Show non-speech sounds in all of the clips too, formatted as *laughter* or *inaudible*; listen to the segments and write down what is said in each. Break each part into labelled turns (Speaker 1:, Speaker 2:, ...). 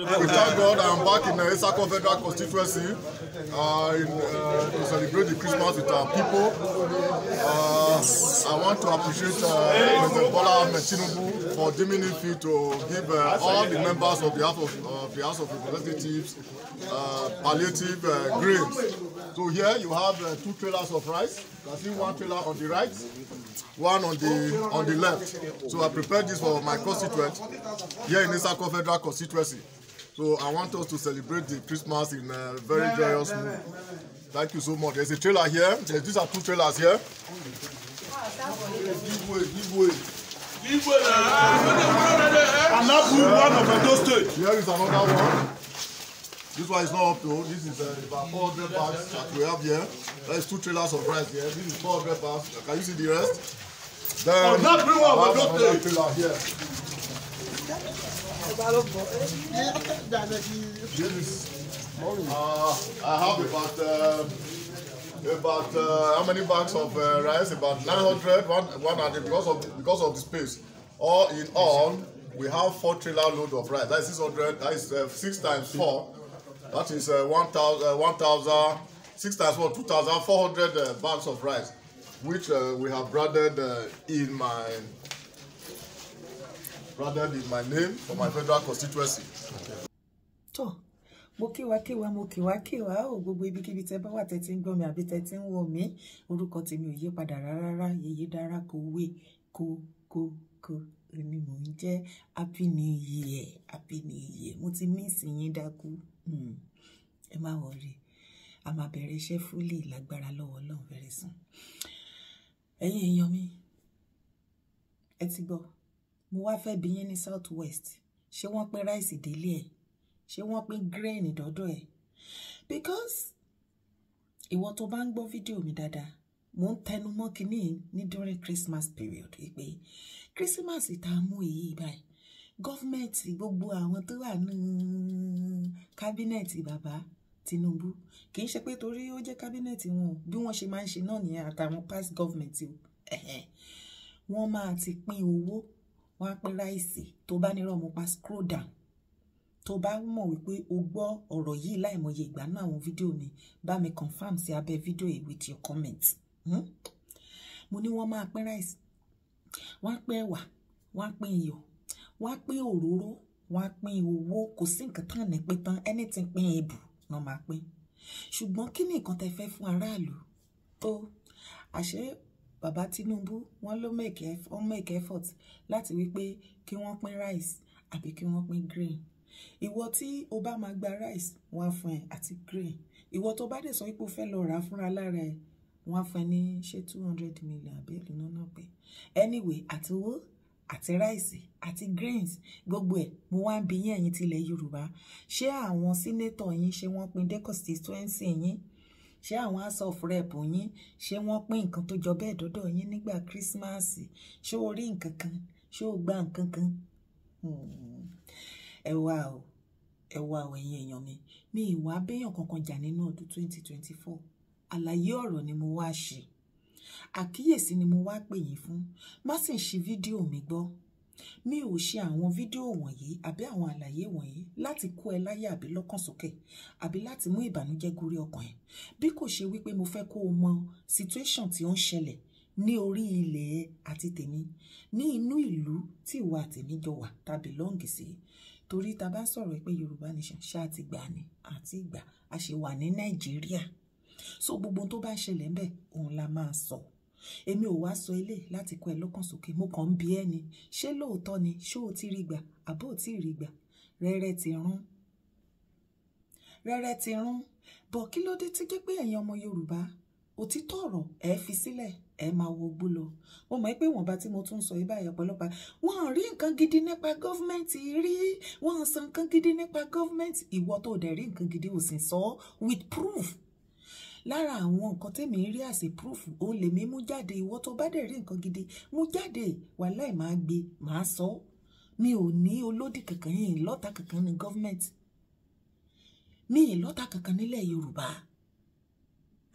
Speaker 1: We uh, thank God I'm back in the Esako Federal Constituency uh, in, uh, to celebrate the Christmas with our people. Uh, I want to appreciate uh, President Bola Ahmed Tinubu for deeming it fit to give uh, all the members of the House of, uh, the House of Representatives uh, palliative uh, grains. So here you have uh, two trailers of rice. You can see one trailer on the right, one on the on the left. So I prepared this for my constituent here in Esako Federal Constituency. So I want us to celebrate the Christmas in a very yeah, joyous yeah, mood. Yeah, Thank you so much. There's a trailer here. There's, these are two trailers here.
Speaker 2: Give
Speaker 1: way, give way.
Speaker 3: Give way. I'm not putting one
Speaker 1: of my stage. Here is another one. This one is not up to. This is uh, about 400 bags that we have here. There's two trailers of rice here. This is 400 bags. Can you see the rest? Oh, Then, oh, not one of my stage. Uh, I have about uh, about uh, how many bags of uh, rice? About 900, 100 because of because of the space. All in all, we have four trailer load of rice. That is 600. That is uh, six times four. That is uh, 1,000. Uh, six times four, 2,400 uh, bags of rice, which uh, we have branded in my Rather, in my name for my federal constituency.
Speaker 2: tó mo kíwa kíwa mo kíwa kíwa ó gbogbo ibikíbi tẹ bá wà tẹ ti ń gbọ́ mi àbí tẹ ti ń wò mí orúkọ tèmi ò yí padà rárá yèyé dára kò wé kò kò kò èmi mò ń jẹ́ happy new year happy new year mo ti miss yín dákú hmm, ẹ má wọrí a máa bẹ̀rẹ̀ iṣẹ́ fúlì lágbára lọ́wọ́ ọlọ́run fẹ́rẹ̀ sùn ẹ̀yin èèyàn mi ẹ ti gbọ́ mo wá fẹ́ bí ní south west ṣé wọ́n pín ráìsì délé ẹ̀ ṣé wọ́n pín grain dọ́dọ̀ ẹ̀ because ìwọ tó bá ń gbọ́ fídíò mi dáadáa mo ń tẹnu mọ́ kínní ní during christmas period pé christmas tá a mú èyí báyìí gọ́fìmẹ̀ntì gbogbo àwọn tó wà ní kábínẹ̀tì bàbá Tinubu kì í ṣe pé torí ó jẹ́ kábínẹ̀tì wọn bí wọ́n ṣe máa ń ṣe náà nìyẹn àtàwọn past government o máa ti pín owó wọ́n á pín ráìsì tó bá nírọ̀ mo pa scroll down tó bá mọ̀ wípé o gbọ́ ọ̀rọ̀ yìí láìmọye ìgbà náà àwọn fídíò mi bá mi confirm sí abẹ́ fídíò yìí with your comment. Hmm? mo ní wọ́n máa pín ráìsì wọ́n á pín ẹ̀wà wọ́n á pín iyọ̀ wọ́n á pín òróró wọ́n á pín owó kò sí nǹkan tán ní pín tán anything pín ebù náà máa pín ṣùgbọ́n kí ni nǹkan tẹ́ fẹ́ fún aráàlú tó àṣẹ bàbá Tinubu wọ́n ló make wọ́n make effort láti wípé kí wọ́n pín rice àbí kí wọ́n pín grain ìwọ tí o bá máa gba rice wọ́n á fún ẹ àti grain ìwọ tó bá dẹ̀ sọ wípé o fẹ́ lọ rà á fúnra lára ẹ wọ́n á fún ẹ ní ṣé two hundred million àbí èlò náà náà pé anyway àti owó àti rice, àti grains gbogbo ẹ̀ mo wá ń bi yín ẹ̀yin tilẹ̀ Yorùbá ṣé àwọn sínétọ̀ yín ṣé wọ́n pín dé constituency yín ṣé àwọn house of rep yín ṣé wọ́n pín nǹkan tó jọ bẹ́ẹ̀ dọ́dọ̀ yín nígbà kírísímàsì ṣé o rí nǹkan kan ṣé o gba nǹkan kan hmm. ẹ wá o ẹ wá o ẹ̀yin èèyàn mi mi ìwà abẹ́yàn kankan jà nínú ọdún twenty twenty four àlàyé ọ̀rọ̀ ni mo wá ṣe àkíyèsí ni mo wá pè yín fún má sì ṣí fídíò mi gbọ́ mi ò ṣe àwọn fídíò wọ̀nyí àbí àwọn àlàyé wọ̀nyí láti kó ẹ láyé àbí lọ́kàn sókè àbí láti mú ìbànújẹ́ gorí ọkàn ẹ bí kò ṣe wípé mo fẹ́ kó o mọ situation tí ó ń ṣẹlẹ̀ ní orí ilẹ̀ ẹ àti tèmi ní inú ìlú tí ìwọ àtèmi jọ wà tàbí lọ́ǹgì sí torí ta bá sọ̀rọ̀ pé Yorùbá nation ṣáà ti gbà ní àti ìgbà a ṣe wà ní Nàìjíríà so gbogbo tó bá ṣẹlẹ̀ ń òun la máa sọ. So èmi ò wá sọ eléyìí láti kọ́ ẹ lọ́kàn sókè mo kàn ń bi ẹ́ ni ṣé lóòótọ́ ni ṣé o ti rí gbà àbó ò tí ì rí gbà rẹ́rẹ́ ti rún rẹ́rẹ́ ti rún bọ̀ kí ló dé tí jẹ́ pé ẹ̀yin ọmọ Yorùbá òtítọ́ ọ̀rọ̀ ẹ fi sílẹ̀ ẹ máa wo ogbó lọ mo mọ̀ pé ìwọ̀nba tí mo tún ń sọ yìí báyìí ọ̀pọ̀lọpọ̀ wọn ò rí nǹkan gidi nípa gọ́fìmẹ̀ntì rí wọn ò san nǹkan gidi nípa gọ́fìmẹ̀ntì ìwọ tó dẹ̀ rí nǹkan gidi ò sì sọ with proof lára àwọn nǹkan tèmi ń rí àsè proof o lè mi mú jáde ìwọ tó bá dẹ̀ rí nǹkan gidi mú jáde wàláì máa gbé máa sọ mi ò ní olódì kankan yìí lọ́tà kankan ní gọ́fìmẹ̀ntì mi ì lọ́tà kankan nílẹ̀ Yorùbá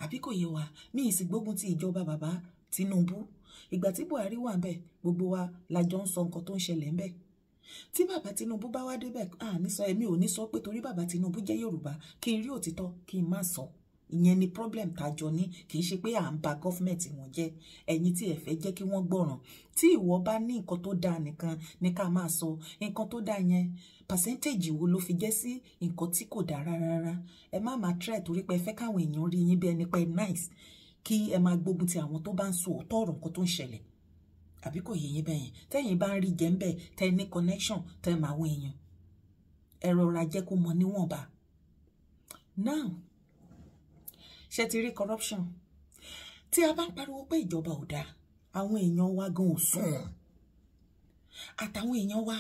Speaker 2: àbí kò yé wa mi ì sì gbógun ti ìjọba bàbá Tinubu ìgbà tí Buhari wà bẹ́ẹ̀ gbogbo wa la jọ ń sọ nǹkan tó ń ṣẹlẹ̀ ń bẹ́ẹ̀ tí bàbá Tinubu bá wá débẹ̀ à ní sọ èmi ò ní sọ pé torí bàbá Tinubu jẹ́ Yorùbá kí n rí òtítọ́ kí n má sọ. So ìyẹn ni problem tájọ ní kì í ṣe pé à ń ba government wọn jẹ́ ẹ̀yin tí ẹ fẹ́ jẹ́ kí wọ́n gbọ́ràn tí ìwọ bá ní nǹkan tó dáa nìkan ní ká máa sọ nǹkan tó dáa yẹn percentage wo ló fi jẹ́ sí nǹkan tí kò dáa rárá ẹ má máa try torí pé ẹ fẹ́ káwọn èèyàn rí yín bí ẹni pé nice kí ẹ máa gbógun ti àwọn tó bá ń sọ ọ̀tọ̀ ọ̀rọ̀ nǹkan tó ń ṣẹlẹ̀ àbí kò yẹ yín bẹ́yẹn tẹ́yìn bá ń rí jẹ́ ń bẹ̀ tẹ́ ní connection tẹ́ máa wọ èèyàn ẹ rọra jẹ́ kó mọ níwọ̀nba now ṣe ti rí corruption tí a bá ń pariwo pé ìjọba ò dáa àwọn èèyàn wa gan ò sùn àtàwọn èèyàn wa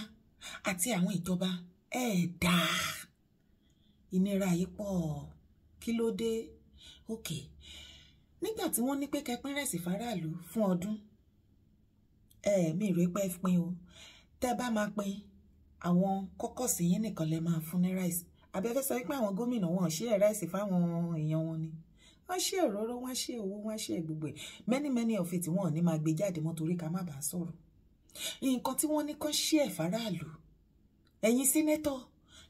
Speaker 2: àti àwọn ìjọba ẹ dáa ìnira yìí pọ̀ kí ló dé òkè nígbà tí wọ́n ní pé kẹpín rẹsì faraàlú fún ọdún ẹẹmí rèé pé pín o tẹ bá máa pín àwọn kọkọsì yín nìkan lẹ máa fún ní ráìsì abẹ́fẹ́ sọ wípé àwọn gómìnà wọn ò ṣe ẹ̀ ráìsì fáwọn èèyàn wọn ni wọ́n ṣe òróró wọ́n ṣe owó wọ́n ṣe gbogbo ẹ̀ many many of it wọn ò ní máa gbé jáde mọ́ torí ká má bàa sọ̀rọ̀ nǹkan tí wọ́n ní kán ṣe ẹ̀ faraàlú ẹ̀yin sínétọ̀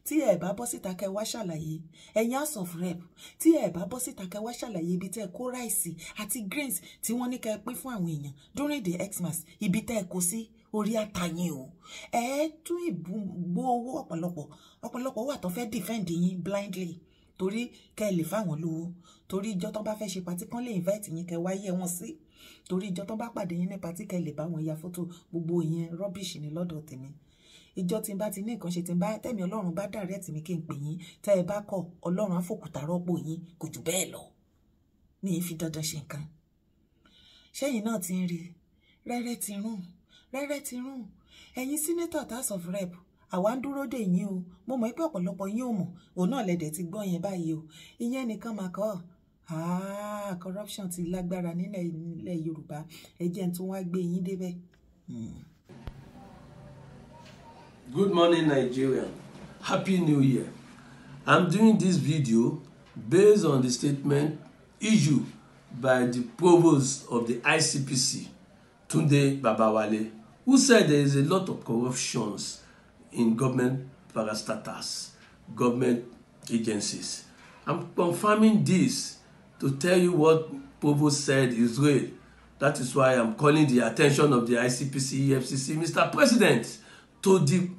Speaker 2: tí ẹ bá bọ́ síta kẹ́ wá ṣàlàyé ẹ̀yin house of rep tí ẹ bá bọ́ síta kẹ́ wá ṣàlàyé ibi tẹ́ kó ráìsì àti grains tí wọ́n ní kẹ́ pín fún àwọn èèyàn during the xmas ibi tẹ́ kó sí orí àtàyìn o ẹ tún ìbú gbó owó ọ̀pọ̀lọpọ̀ wà tó fẹ́ defend yín blindly torí kẹ́ ẹ lè fáwọn lówó torí ìjọ tán bá fẹ́ ṣe patí kán lè invite yín kẹ́ wáyé wọn sí torí ìjọ tán bá pàdé yín ní patí kẹ́ ẹ lè bá wọn ya fótó gbogbo ìyẹn rubbish ni lọ́dọ̀ tèmi ìjọ tí n bá ti ní nǹkan ṣe tí n bá tẹ̀mí ọlọ́run bá direct mi kí n pè yín tẹ́ ẹ bá kọ̀ ọlọ́run á fòkúta rọ́pò yín kò jù bẹ́ẹ̀ lọ mi ì fi dandan ṣe nǹkan ṣẹ́yìn náà ti ń rí rẹ́rẹ́ ti rùn rẹ́rẹ́ ti rùn ẹ̀yin senator house of rep àwa ń dúró dè yín o mo mọ̀ pé ọ̀pọ̀lọpọ̀ yín ò mọ̀ òun náà lẹ̀dẹ̀ ti gbọ́ yẹn báyìí o ìyẹn nìkan mà kọ́ corruption ti lágbára nílẹ̀ Yorùbá ẹ jẹ́ wá gbé yín débẹ̀. Hmm.
Speaker 4: Good morning, Nigeria. Happy New Year. I'm doing this video based on the statement issued by the provost of the ICPC, Tunde Babawale, who said there is a lot of corruptions in government parastatals, government agencies. I'm confirming this to tell you what Provost said is real. That is why I'm calling the attention of the ICPC, EFCC, Mr. President, to the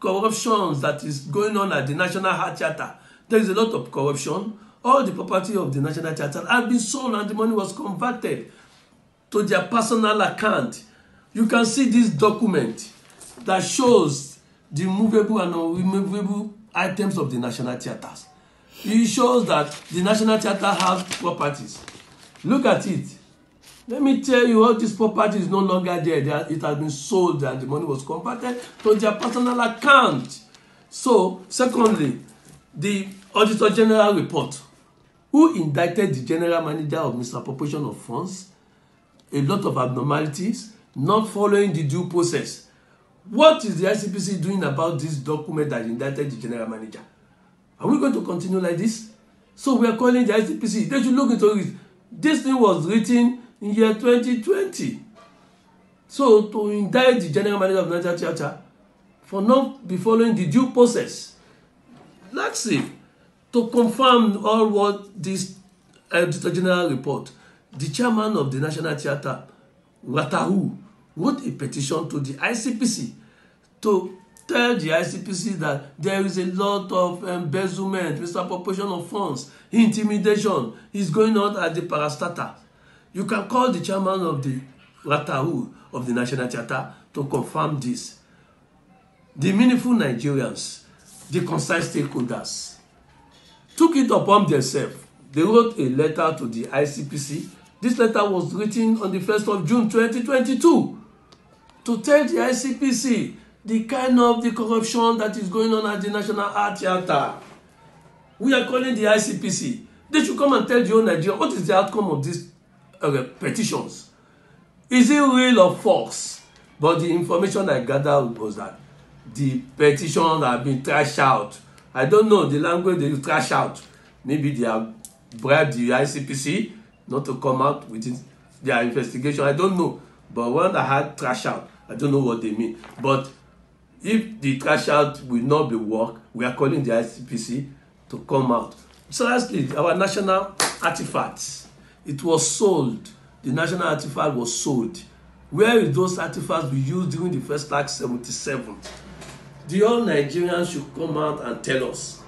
Speaker 4: corruptions that is going on at the National Heart Charter. There is a lot of corruption. All the property of the National Charter had been sold and the money was converted to their personal account. You can see this document that shows the movable and unmovable items of the national theatres it shows that the national theatre has properties look at it let me tell you all these properties no longer there they are, it has been sold and the money was converted to their personal account so secondly the auditor general report who indicted the general manager of misappropriation of funds a lot of abnormalities not following the due process What is the ICPC doing about this document that indicted the general manager? Are we going to continue like this? So we are calling the ICPC. They should look into it. This thing was written in year 2020. So to indict the general manager of Niger Theatre for not be following the due process. That's it. To confirm all what this editor uh, general report, the chairman of the National Theatre, Watahu, wrote a petition to the ICPC to tell the ICPC that there is a lot of embezzlement, misappropriation of funds, intimidation is going on at the parastatal. You can call the chairman of the Ratahu of the National Theatre to confirm this. The meaningful Nigerians, the concerned stakeholders, took it upon themselves. They wrote a letter to the ICPC. This letter was written on the first of June 2022 to tell the ICPC the kind of the corruption that is going on at the National Art Theatre. We are calling the ICPC. They should come and tell the whole Nigeria what is the outcome of these uh, petitions. Is it real or false? But the information I gathered was that the petitions have been trashed out. I don't know the language they trashed out. Maybe they have bribed the ICPC not to come out with their investigation. I don't know. But when I had trash out, I don't know what they mean. But if the trash out will not be work, we are calling the ICPC to come out. Seriously, our national artifacts, it was sold. The national artifact was sold. Where is those artifacts we used during the first act seventy-seven? The all Nigerians should come out and tell us.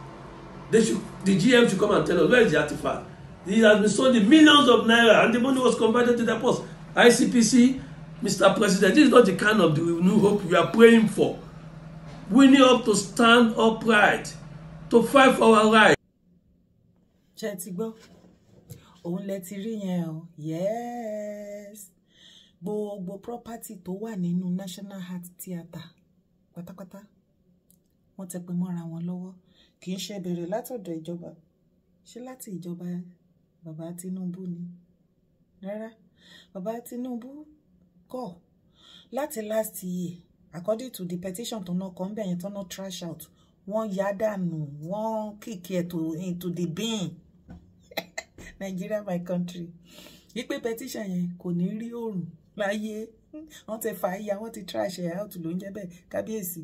Speaker 4: They should, the GM should come and tell us, where is the artifact? It has been sold in millions of naira and the money was converted to deposits. ICPC Mr. President, this is not the kind of the new hope we are praying for. We need up to stand upright
Speaker 2: to fight for our rights. Ṣé ti gbọ́? Òun lẹ ti rí property to one nínú National Art theater. pátápátá wọ́n ti pin mọ́ra wọn lọ́wọ́ kì í ṣe joba? látọ̀dọ̀ ìjọba ṣé láti ìjọba bàbá Tinubu ni rárá bàbá Tinubu call láti last year according to the petition tó náà kọ́ ń bẹ̀yẹn tó náà trash out wọ́n yá dànù wọ́n kìkì ẹ̀ into the bin *laughs* Nigeria my country wípé petition yẹn kò ní rí òrùn láyé wọ́n ti fà á ya wọ́n ti trash ẹ̀ out ló ń jẹ́ bẹ́ẹ̀ kábíyèsí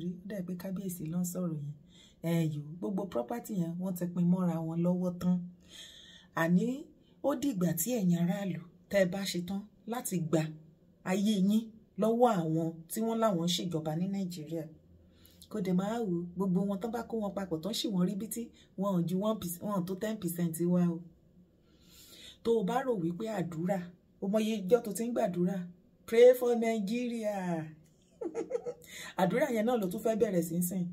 Speaker 2: rí ó dà pé kábíyèsí ló ń sọ̀rọ̀ yẹn ẹ̀yọ́ gbogbo property yẹn wọ́n ti pín mọ́ra wọn lọ́wọ́ tán àní ó dìgbà tí ẹ̀yin aráàlú tẹ́ ẹ bá ṣe tán láti gbà ayé yín lọ́wọ́ àwọn tí wọ́n láwọn ṣèjọba ní nàìjíríà kò dé máa wò gbogbo wọn tán bá kó wọn papọ̀ tán sì wọ́n rí bítí wọn ò ju wọn tó ten percent wá o tó o bá rò wípé àdúrà o mọye ìjọ tó ti ń gbàdúrà pray for Nigeria *laughs* àdúrà yẹn náà ló tún fẹ́ bẹ̀rẹ̀ sínsìn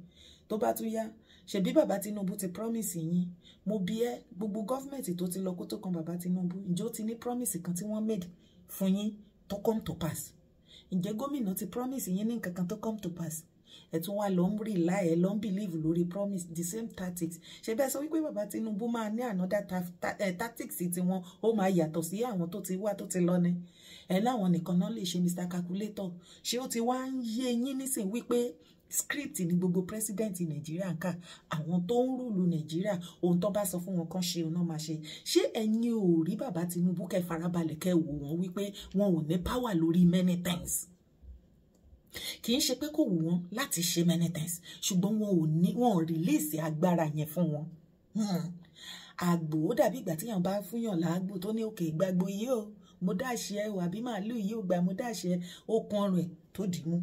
Speaker 2: tó bá tún yá ṣebí bàbá Tinubu ti promise yín mo bi ẹ́ gbogbo gọ́fìmẹ̀ntì tó ti lọ kó tó kan bàbá Tinubu ǹjọ́ ti ní promise kan tí wọ́n made fún yín tó come to pass ǹjẹ́ gómìnà ti promise yín ní nǹkan kan come to pass ẹ tún wá lọ ń rely ẹ lọ believe lori promise the same tactics ṣe so sọ wípé bàbá Tinubu máa ní another eh, tactics tiwọn ó máa yàtọ̀ sí àwọn tó ti wá tó ti lọ ni ẹ láwọn nìkan náà lè ṣe Mr Calculator ṣé ó ti wá ń yé yín nísìn wípé script ni gbogbo president nàìjíríà ń kà àwọn tó ń rúlu nàìjíríà ohun tó bá sọ fún wọn kan ṣe òun náà máa ṣe ṣé ẹ̀yin ò rí bàbá Tinubu kẹ́ farabalẹ̀ kẹ́ wò wọ́n wípé wọn ò ní power lórí many things kì í ṣe pé kò wù wọ́n láti ṣe many things ṣùgbọ́n wọn ò ní wọn ò rìlíìsì agbára yẹn fún wọn hmm. àgbò ó dàbí ìgbà tíyàn bá fúnyàn láàgbò tó ní òkè ìgbàgbọ́ yìí o mo dáṣe ẹ o àbí màálù yìí o gbà mo dáṣe okun ọrùn ẹ tó dì í mú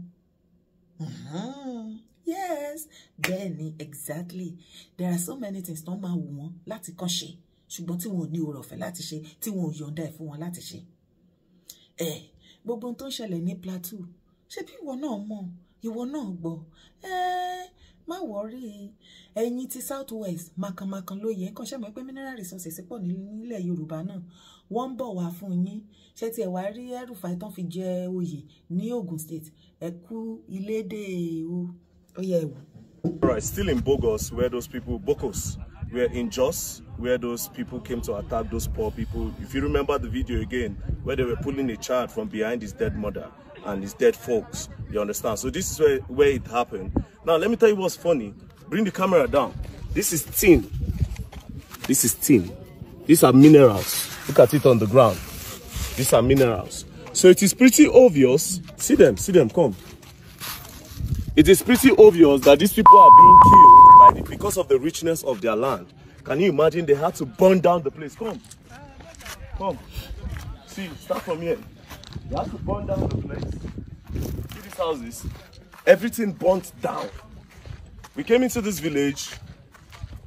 Speaker 2: Mm-hmm. yes bẹ́ẹ̀ exactly there are so many things tó máa wù wọ́n láti kàn ṣe ṣùgbọ́n tí wọn ò ní oore ọ̀fẹ́ láti ṣe tí wọn ò yọ̀ǹda ẹ̀ fún wọn láti ṣe. ẹ eh, gbogbo ohun tó ń ṣẹlẹ̀ ní plateau ṣé bí ìwọ náà mọ̀ ìwọ náà gbọ́ eh, ẹ má wọrí ẹ̀yin ti south west màkàmàkàn lóye kàn ṣe mọ̀ pé mineral resources pọ̀ nílẹ̀ yorùbá náà wọ́n ń bọ̀ wá fún yín ṣé tiẹ̀ wá rí el tán fi jẹ oyè ní Ogun State ẹ kú ilédè o ó yẹ ẹwù.
Speaker 3: Alright, still in Bogos where those people Bokos were in Jos where those people came to attack those poor people. If you remember the video again, where they were pulling a child from behind his dead mother and his dead folks, you understand? So this is where, where it happened. Now, let me tell you what's funny. Bring the camera down. This is tin. This is tin. These are minerals. Look at it on the ground. These are minerals. So it is pretty obvious. See them, see them, come. It is pretty obvious that these people are being killed the, because of the richness of their land. Can you imagine they had to burn down the place? Come. Come. See, start from here. They had to burn down the place. See these houses? Everything burnt down. We came into this village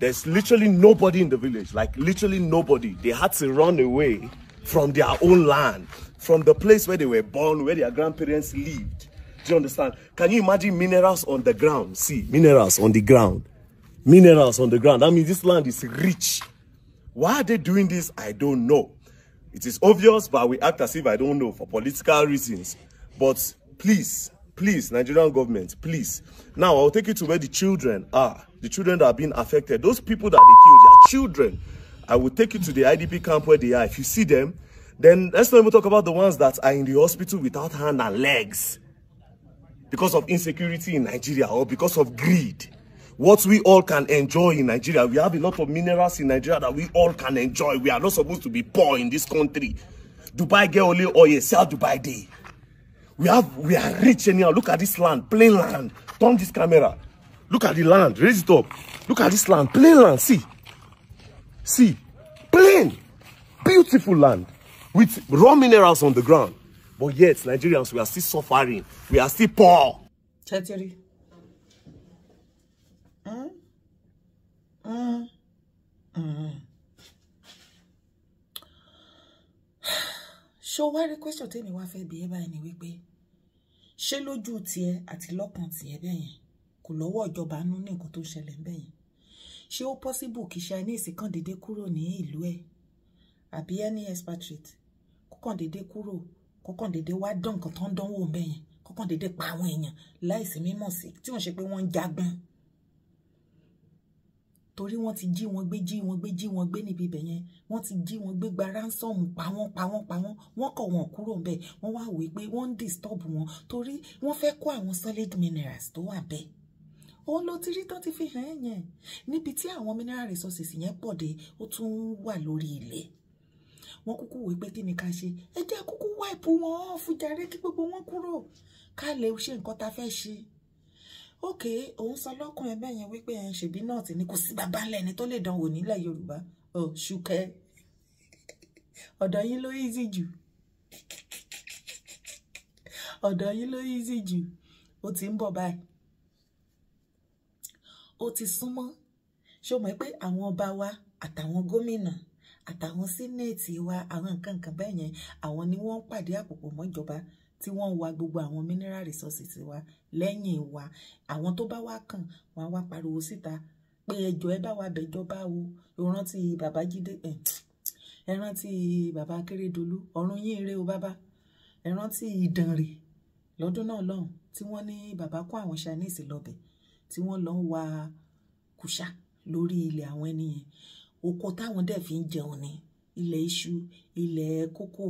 Speaker 3: there's literally nobody in the village, like literally nobody. They had to run away from their own land, from the place where they were born, where their grandparents lived. Do you understand? Can you imagine minerals on the ground? See, minerals on the ground. Minerals on the ground. I mean, this land is rich. Why are they doing this? I don't know. It is obvious, but we act as if I don't know for political reasons. But please, please nigerian government please now i'll take you to where the children are the children that are being affected those people that they killed their children i will take you to the idp camp where they are if you see them then let's not even talk about the ones that are in the hospital without hand and legs because of insecurity in nigeria or because of greed what we all can enjoy in nigeria we have a lot of minerals in nigeria that we all can enjoy we are not supposed to be poor in this country dubai get only oil sell dubai day We have we are rich anyhow. Look at this land, plain land. Turn this camera. Look at the land. Raise it up. Look at this land, plain land. See, see, plain, beautiful land with raw minerals on the ground. But yet, Nigerians, we are still suffering. We are still poor.
Speaker 2: Chetiri. Mm? Mm? Mm. mm. ṣó wá rí question tèmi wá fẹ́ bi ẹ́ báyìí ni wípé ṣé lójú tiẹ̀ àti lọ́kàn tiẹ̀ bẹ́ẹ̀ yẹn kò lọ́wọ́ ìjọba nú ní nǹkan tó to ṣẹlẹ̀ bẹ́ẹ̀ yẹn ṣé ó possible kí Chinese kàn déédéé kúrò ní ìlú ẹ̀ àbí any expatriate kó kàn déédéé kúrò kó kàn déédéé wá dán nǹkan tó ń dánwò bẹ́ẹ̀ yẹn kó kàn déédéé pa àwọn èèyàn láìsí mímọ̀ sí tí wọ́n ṣe pé wọ́n jagun torí wọ́n ti jí wọn gbé jí wọn gbé jí wọn gbé níbi ibẹ̀ yẹn wọ́n ti jí wọn gbé gba ransom pa wọ́n pa wọ́n pa wọ́n wọ́n kọ̀ wọ́n kúrò ńbẹ̀ wọ́n wá wí pé wọ́n ń disturb wọn torí wọ́n fẹ́ kó àwọn solid minerals tó wà bẹ́ẹ̀ ó ló ti rí tán ti fi hàn yẹn níbi tí àwọn mineral resources yẹn pọ̀ dé ó tún wà lórí ilẹ̀ wọ́n kúkú wí pé kí ni ká ṣe ẹ jẹ́ kúkú wáìpù wọn fújarẹ́ kí gbogbo wọn kúrò ká lè ṣe nǹkan ta fẹ́ ṣe òkè òun sọ lọ́kùn ẹgbẹ́ yẹn wípé ẹ̀ ń ṣèbí náà ti ní kò sí bàbá ńlẹ̀ ẹni tó lè dánwò nílẹ̀ Yorùbá ṣùkẹ́ ọ̀dọ̀ yín ló easy jù ọ̀dọ̀ yín ló easy jù ó ti ń bọ̀ báyìí ó ti súnmọ́ ṣó mọ̀ pé àwọn ọba wa àtàwọn gómìnà àtàwọn sínéètì wa àwọn nǹkan nǹkan bẹ́ẹ̀ yẹn àwọn ni wọ́n ń pàdé àpòpọ̀ mọ́jọba tí wọ́n ń wa gbogbo àwọn mineral resources wa lẹ́yìn wa àwọn tó bá wá kàn wọ́n á wá pariwo síta pé ẹjọ́ ẹ bá wa bẹ̀jọba o ìrántí babájídé ẹ rántí bàbá akérèdọ́lù ọ̀run yín ire o bàbá ẹ rántí ìdànrè lọ́dún náà lọ́hùn tí wọ́n ní bàbá kó àwọn chinese lọ́bẹ̀ tí wọ́n lọ ń wa kùsà lórí ilẹ̀ àwọn ẹni yẹn oko táwọn dẹ̀ fi ń jẹun ni ilẹ̀ iṣu ilẹ̀ kókò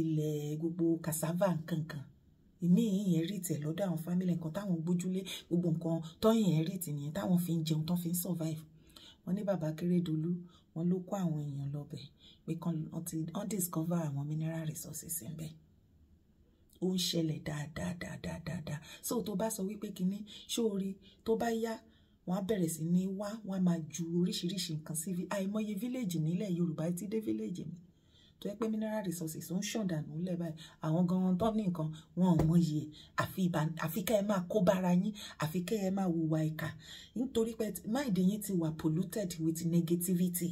Speaker 2: ilẹ̀ gbogbo cassava nkankan ìmí yìnyín rí tẹ̀ lọ́dọ̀ àwọn family nǹkan táwọn gbójúlé gbogbo nǹkan tọ́yìn ẹ̀ rí tìyẹn táwọn fi ń jẹun tán fi ń survive wọ́n ní bàbá Akérédolú wọ́n ló kó àwọn èèyàn lọ́bẹ̀ pé wọ́n discover àwọn mineral resources ń bẹ ó ń ṣẹlẹ̀ dáadáa dáadáa dáadáa so tó bá sọ wípé kinní ṣó o rí tó bá yá wọ́n á bẹ̀rẹ̀ sí ní wá wọ́n á máa ju oríṣiríṣi nǹkan sí àìmọye village. nílẹ̀ Yorùbá ti dé fíléèjì mi tó yẹ pé mineral resources ń ṣàndànù lẹ̀ báyìí àwọn gan-an tó ní nǹkan wọn ò mọyì ẹ̀ àfi kẹ́ ẹ máa kó bára yín àfi kẹ́ ẹ máa hùwà ìkà nítorí pé máìdí yín ti wà polluted with negativity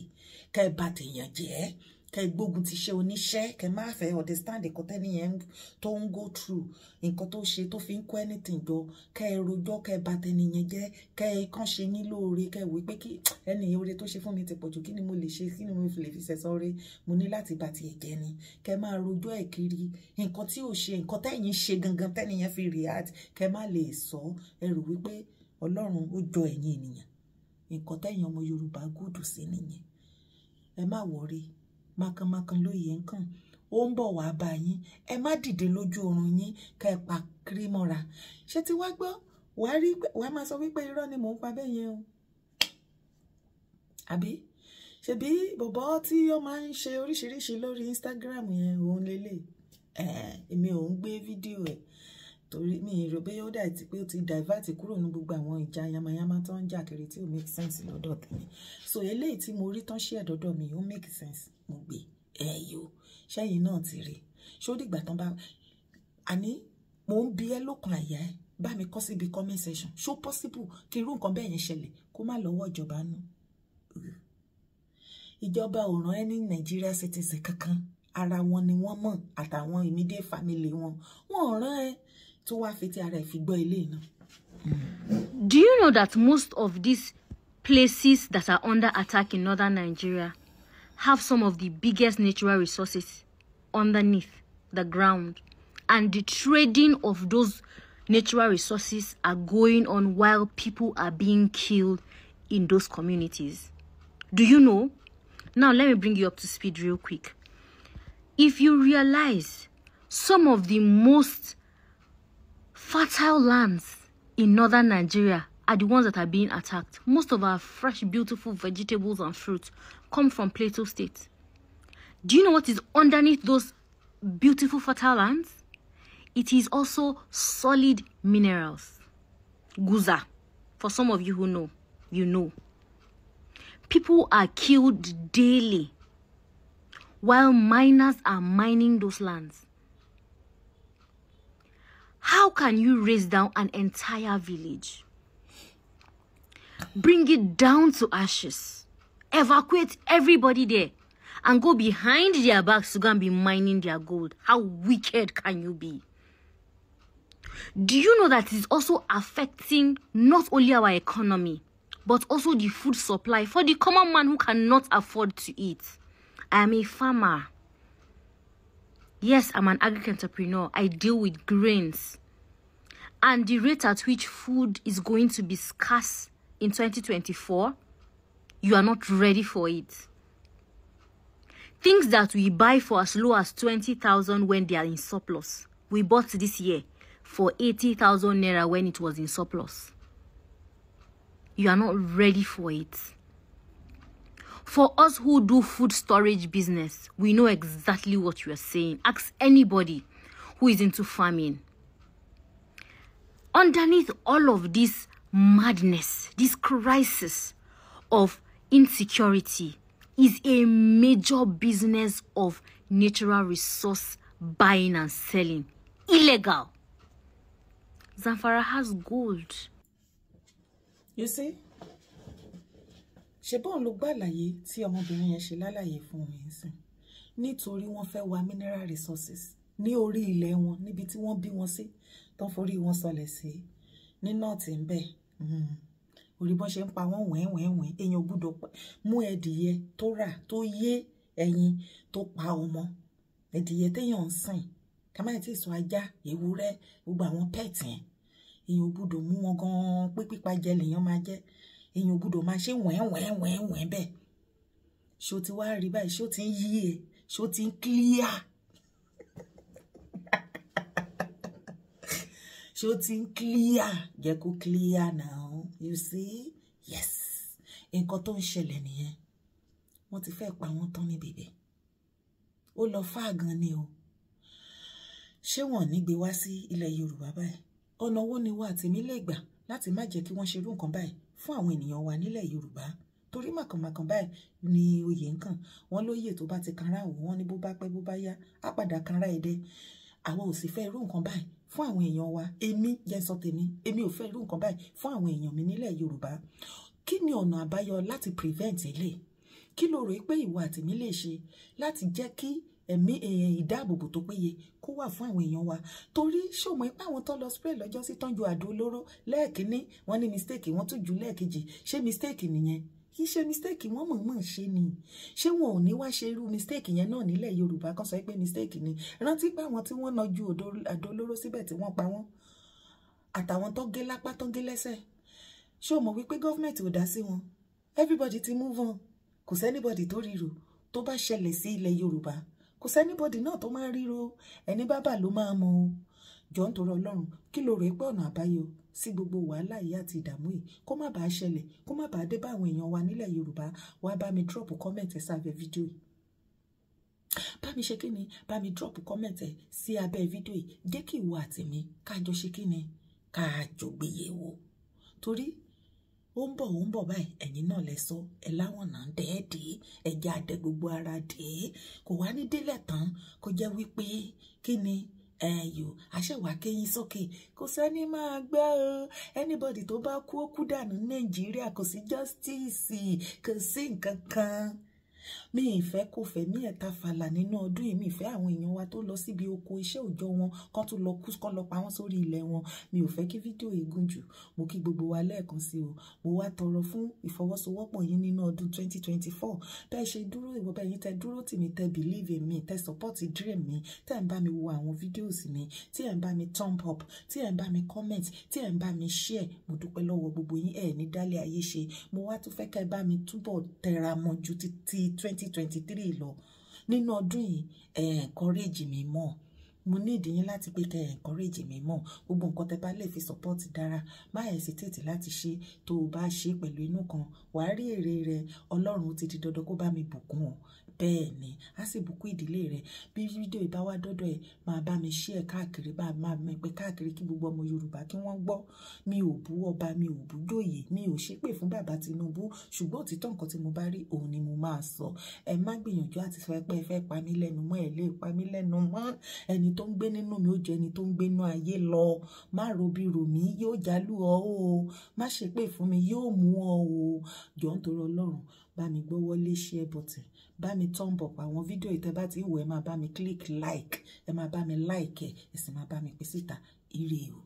Speaker 2: kẹ́ ẹ bá tèèyàn jẹ́ kẹ gbógun ti ṣe oníṣẹ́ kẹ má fẹ́ understand nǹkan tẹ́ni yẹn tó ń go through nǹkan tó ṣe tó fi ń kó anything jọ kẹ rojọ́ kẹ bà tẹ́ni yẹn jẹ́ kẹ kàn ṣe yín lóore kẹ wí pé kí ẹni oore tó ṣe fún mi ti pọ̀ jù kí ni mo lè ṣe kí ni mo lè fi sẹ̀sán rí mo ní láti bà tiẹ̀ jẹ́ ni kẹ máa rojọ́ ẹ̀ kiri nǹkan tí ò ṣe nǹkan tẹ́yìn ṣe gangan tẹ́ni yẹn fi react kẹ má lè sọ ẹ rò wípé ọlọ́run ó jọ ẹ̀yin ènìyàn nǹkan tẹ́yìn ọmọ Yorùbá gùdù sí nìyẹn ẹ má wọrí mọ̀kànmọ̀kàn lóye nǹkan ó ń bọ̀ wá bá yín ẹ má dìde lójú oorun yín ká ẹ pa kiri mọ́ra ṣé tí wàá gbọ́ wàá rí wàá máa sọ wípé irọ́ ni mò ń pa bẹ́ẹ̀ yẹn o àbí ṣebí bọ̀bọ́ tí ó máa ń ṣe oríṣiríṣi lórí Instagram yẹn òun lélẹ̀ èmi ò ń gbé fídíò ẹ̀ torí mi rò bẹ́ẹ̀ ó dà tí pé ó ti divert kúrò ní gbogbo àwọn ìjà yamayama tó ń jà kiri tí ò make sense lọ́dọ̀ tèmi so eléyìí tí mo rí tán ṣe ẹ̀dọ́dọ̀ mi ó make sense mo
Speaker 5: gbé ẹ̀yìn
Speaker 2: o náà ti rí ṣó dìgbà tán bá àní mo ń bi ẹ́ lókun àyà ẹ́ bá mi kọ́ síbi comment section ṣó possible kí irú nǹkan bẹ́ẹ̀ yẹn ṣẹlẹ̀ kó má lọ́wọ́ ìjọba nù ìjọba ò rán ẹni nàìjíríà citizen kankan ara wọn ni wọ́n mọ̀ àtàwọn immediate family wọn wọn ò rán ẹ tó wáá fi ti
Speaker 5: ara ẹ̀ fi gbọ́ ilé náà. Do you know that most of these places that are under attack in northern Nigeria have some of the biggest natural resources underneath the ground and the trading of those natural resources are going on while people are being killed in those communities do you know now let me bring you up to speed real quick if you realize some of the most fertile lands in northern Nigeria are the ones that are being attacked. Most of our fresh, beautiful vegetables and fruits come from Plateau State. Do you know what is underneath those beautiful fertile lands? It is also solid minerals. Guza. For some of you who know, you know. People are killed daily while miners are mining those lands. How can you raise down an entire village? Bring it down to ashes evacuate everybody there and go behind their backs to go and be mining their gold. How wicked can you be? Do you know that it's also affecting not only our economy, but also the food supply for the common man who cannot afford to eat? I am a farmer. Yes, I'm an agri entrepreneur. I deal with grains. And the rate at which food is going to be scarce in 2024 you are not ready for it. Things that we buy for as low as 20,000 when they are in surplus. We bought this year for 80,000 naira when it was in surplus. You are not ready for it. For us who do food storage business, we know exactly what you are saying. Ask anybody who is into farming. Underneath all of this madness, this crisis of insecurity is a major business of natural resource buying and selling. Illegal. Zamfara has gold. You see?
Speaker 2: ṣebọ́n ló gbàlàyé tí ọmọbìnrin yẹn ṣe lálàyé fún mi sìn nítorí wọ́n fẹ́ wa mineral resources ní orí ilẹ̀ wọn níbi tí wọ́n bí wọn sí tán forí wọn sọlẹ̀ sí ní nọ́ọ̀tì ń bẹ̀. Mm orí bọ́n ṣe ń pa wọ́n wẹ́n wẹ́n wẹ́n èèyàn gbúdọ̀ mú ẹdìyẹ tó rà tó yé ẹyin tó pa ọmọ ẹdìyẹ téèyàn ń sìn ká má ti sọ ajá ewúrẹ́ gbogbo àwọn pẹ́ẹ̀tì yẹn èèyàn gbúdọ̀ mú wọn gan-an pé pípa jẹ lèèyàn máa jẹ èèyàn gbúdọ̀ máa ṣe wẹ́n wẹ́n wẹ́n wẹ́n bẹ́ẹ̀ ṣó ti wá rí báyìí ṣó ti ń yí e ṣó ti ń clear Shooting clear get kó clear now you see yes nǹkan tó ń ṣẹlẹ̀ nìyẹn wọ́n ti fẹ́ pa wọ́n tán ní bèbè ó lọ fáàgàn ni o ṣé wọn ò ní gbé wá sí ilẹ̀ Yorùbá báyìí ọ̀nà owó ni wa àtẹ̀mí lè gbà láti má jẹ́ kí wọ́n ṣerú nǹkan báyìí fún àwọn ènìyàn wa nílẹ̀ Yorùbá torí màkànmàkàn báyìí ni oyè ń kàn wọ́n lóyè tó bá ti kanra òun wọ́n ní bó bá pẹ́ bó bá yá á padà kanra ẹ̀dẹ́ àwọn ò sì fẹ́ irú nǹkan báyìí fún àwọn èèyàn wa èmi yẹn sọ tèmi èmi ò fẹ́ irú nǹkan báyìí fún àwọn èèyàn mi nílẹ̀ yorùbá kí ni ọ̀nà àbáyọ láti prevent ilé kí ló rò pé ìwà àtìmí lè ṣe láti jẹ́ kí ẹ̀mí èèyàn ìdáàbòbò tó péye kó wà fún àwọn èèyàn wa torí ṣòmọ ipá àwọn tó lọ spray lọ́jọ́ sí tán ju àdó olóró lẹ́ẹ̀kínní wọ́n ní mistake wọ́n tún jù lẹ́ẹ̀kejì ṣé mistake nìyẹn kì í ṣe mistake wọ́n mọ̀ọ́mọ̀ ṣe ni ṣé wọn ò ní wá ṣe irú mistake yẹn náà nílẹ̀ Yorùbá kan sọ pé mistake ni rántí pé àwọn tí wọ́n náà ju àdó olóró síbẹ̀ tí wọ́n pa wọ́n àtàwọn tó gé lápá tó gé lẹ́sẹ̀ ṣé o mọ̀ wípé gọ́fìmẹ̀ntì ò dá sí wọn everybody ti move on kò sẹ́nibọ̀dì tó ríro tó bá ṣẹlẹ̀ sí ilẹ̀ Yorùbá kò sẹ́nibọ̀dì náà tó máa ríro ẹni bábà ló máa mọ o jọ ń torí ọlọ́run kí lo rò pé ọ̀nà àbáyọ sí gbogbo wàhálà yìí àti ìdààmú yìí kó má bàa ṣẹlẹ̀ kó má bàa dé bá àwọn èèyàn wa nílẹ̀ yorùbá wá bá mi drop comment ẹ̀ sábẹ́ fídíò yìí bá mi ṣe kí ni bá mi drop comment ẹ̀ sí abẹ́ fídíò yìí jẹ́ kí ìwọ àti mi kájọ ṣe kí ni kájọ gbéyẹ̀wò torí ó ń bọ̀ ó ń bọ̀ báyìí ẹ̀yin náà lẹ sọ ẹ láwọn náà dẹ́ẹ̀dẹ́ ẹ̀jẹ̀ àdẹ ara dẹ́ẹ̀ kò wá ní délẹ̀ tán kó jẹ́ wípé kí ni ẹyọ àṣẹwà kéyìn sókè kò sẹ́ni máa gbà o anybody tó bá kú ó kú dànù nàìjíríà kò sí justice kò sí nǹkan kan mi ìfẹ́ kò fẹ́ mí ẹ̀ta fàlà nínú ọdún yìí mi ìfẹ́ àwọn èèyàn wa tó lọ síbi oko iṣẹ́ òòjọ́ wọn kán tún lọ kú kán lọ pa wọ́n sórí ilẹ̀ wọn mi ò fẹ́ kí fídíò yìí gùn jù mo kí gbogbo wa lẹ́ẹ̀kan sí o mo wá tọrọ fún ìfọwọ́sowọ́pọ̀ yín nínú ọdún 2024 bẹ́ẹ̀ ṣe dúró ìwọ bẹ́ẹ̀ yín tẹ dúró tì mí tẹ believe in me tẹ support dream mi tẹ ń bá mi wo àwọn fídíòs mi tí ẹ ń bá mi thumb up tí ẹ ń bá mi comment tí ẹ ń bá mi share mo dúpẹ́ lọ́wọ́ gbogbo yín ẹ̀ ní dálé ayé ṣe mo wá tún fẹ́ kẹ́ bá mi túbọ̀ tẹra mọ́ ju ti twenty twenty three lọ nínú ọdún yìí ẹ encourage mi mọ́ mo ní ìdíyín láti pé kẹ́ encourage mi mọ́ gbogbo nǹkan tẹ́ bá lè fi support dára má hesitate láti ṣe tó o bá ṣe pẹ̀lú inú kan wàá rí èrè rẹ ọlọ́run ti di dandan kó bá mi bùkún ọ bẹ́ẹ̀ ni á sì bùkún ìdílé rẹ bí fídíò ìbá wá dọ́dọ̀ ẹ máa bá mi ṣí ẹ káàkiri bá máa mi pé káàkiri kí gbogbo ọmọ Yorùbá kí wọ́n gbọ́ mi ò bú ọba mi ò bú dòyè mi ò ṣépè fún bàbá Tinubu ṣùgbọ́n òtítọ́ nǹkan tí mo bá rí òun ni mo máa sọ ẹ má gbìyànjú àti sọ pé ẹ fẹ́ pa mí lẹ́nu mọ́ ẹ lè pa mí lẹ́nu mọ́ ẹni tó ń gbé nínú mi ó jẹ́ ẹni tó ń gbé nínú ayé lọ má robi rò yóò jálù ọ o má ṣépè fún mi yóò mú ọ o jọ̀ọ́ nítorí Ọlọ́run bá mi gbọ́wọ́ lé share button bá mi thumb up àwọn fídíò yìí tẹ́ bá ti ń wò ẹ máa bá mi
Speaker 5: click like ẹ máa bá mi like ẹ ẹ sì máa bá mi pè síta ire o.